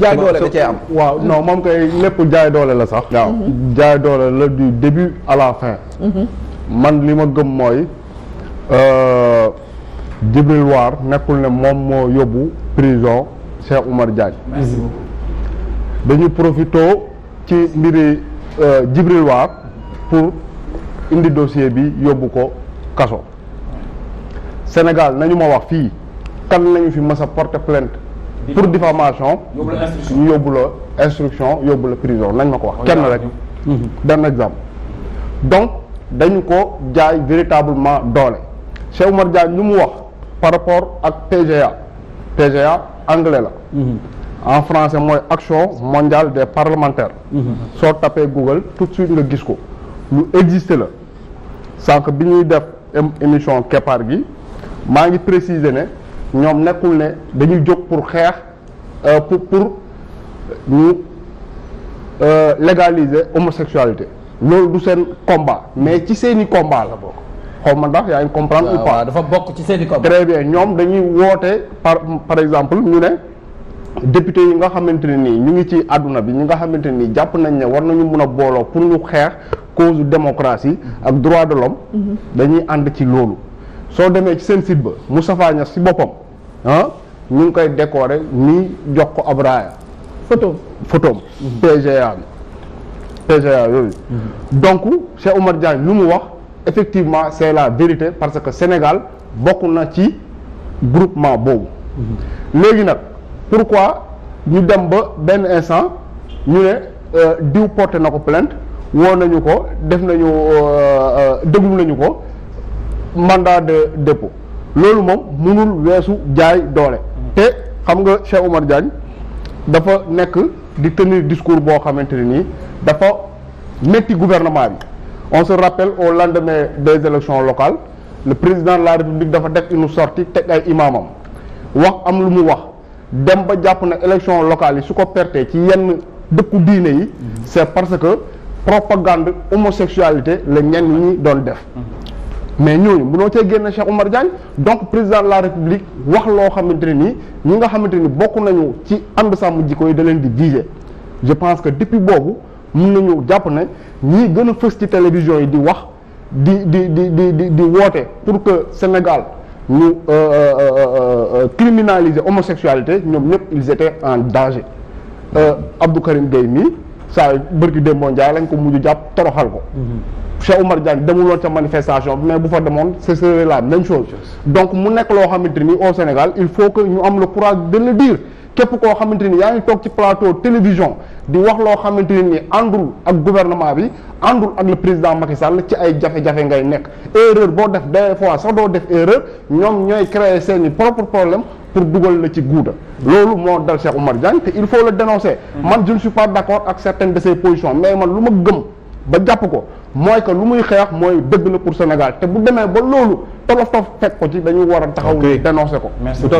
jaay doole da cee am waaw non moom kay lépp jaay doole la sax. waaw jaay doole la du début à la fin. Mhm. man li ma gëm mooy euh, Djibril War nekkul ne moom moo yóbbu prison Cheikh Oumar Diagne. dañu profité ci mbiri euh, Djibril War pour indi dossier bi yóbbu ko kaso. Sénégal nañu ma wax fii kan lañu fi mës a porter pour diffamation ñu yóbbu la instruction yóbbu la prison nañ ma ko wax kenn rek benn exemple donc dañu ko jaay véritablement doole Cheikh Oumar Diagne lu mu wax par rapport ak PGA PGA anglais la en français mooy action mondiale des parlementaire soo tapee Google tout de suite nga gis ko lu existe la sànq bi ñuy def émission keppaar gi maa ngi préciser ne ñoom nekkul ne dañuy jóg pour xeex euh, pour pour ñu euh, légaliser homosexualité loolu du seen combat mais ci seeni combat la bokk xaw ma ndax yaa ngi comprendre ou pas dafa bokk ci seeni combat très bien ñoom dañuy woote par par exemple ñu ne député yi nga xamante ne nii ñu ngi ci àdduna bi ñi nga xamante ne nii jàpp nañ ne war nañu mun a booloo pour ñu xeex cause démocratie ak droit de l'homme mhm. dañuy ànd ci loolu soo demee ci seen site mu Moustapha Niasse ci boppam ah ñu ngi koy décorer nii jox ko ab raaya. photo photo PGA PGA yooyu. Mm-hmm. donc Cheikh Oumar Diagne lu mu wax effectivement c'est la vérité parce que Sénégal bokk na ci groupement boobu. Mm-hmm. léegi nag pourquoi ñu dem ba benn instant ñu ne euh, diw porté na ko plainte woo nañu ko def nañu euh, euh, déglu nañu ko mandat de dépôt. loolu moom mënul weesu jaay doole te xam nga Cheikh Oumar Diagne dafa nekk di tenir discours boo xamante ne nii dafa metti gouvernement bi on se rappelle au lendemain des élections locales le président de la république dafa def une sortie teg ay imaamam wax am lu mu wax dem ba jàpp na élection locale yi su ko pertee ci yenn dëkku diine yi mhm. c'est parce que propagande homosexualité la ñenn ñi doon def mhm. mais ñooñu mënoo cee génn Cheikh Oumar Diagne donc président la république wax loo xamante ne nii ñi nga xamante ni bokk nañu ci ànd sàmm jikko yi da leen di viser je pense que depuis boobu mun nañu jàpp ne ñii gën a fës ci télévision yi di wax di di di di di di woote pour que Sénégal ñu euh, euh, euh, criminaliser homosexualité ñoom ñëpp ils étaient en danger Abdou Karim Gueye mii saa bërki démboo Njaay lañ ko mujj jàpp toroxal ko mhm. Cheikh Oumar Diagne demuloon ca manifestation mais bu fa demoon ce serait la même chose donc mu nekk loo xamante ni au Sénégal il faut que ñu am le courage de le dire képp koo xamante ni yaa ngi toog ci plateau télévision di wax loo xamante ni àndul ak gouvernement bi àndul ak le président Macky Sall ci ay jafe-jafe ngay nekk erreur boo def des fois sax doo def erreur ñoom ñooy créer seeni propre problème pour dugal la ci guuta loolu moo dal Cheikh Oumar Diagne te il faut le dénoncer man je ne suis pas d'accord ak certaines de ses positions mais man lu ma gëm ba jàpp ko mooy que lu muy xeex mooy dëgg la pour Sénégal te bu demee ba loolu tolof tof fekk ko ci dañu war a taxaw dénoncer ko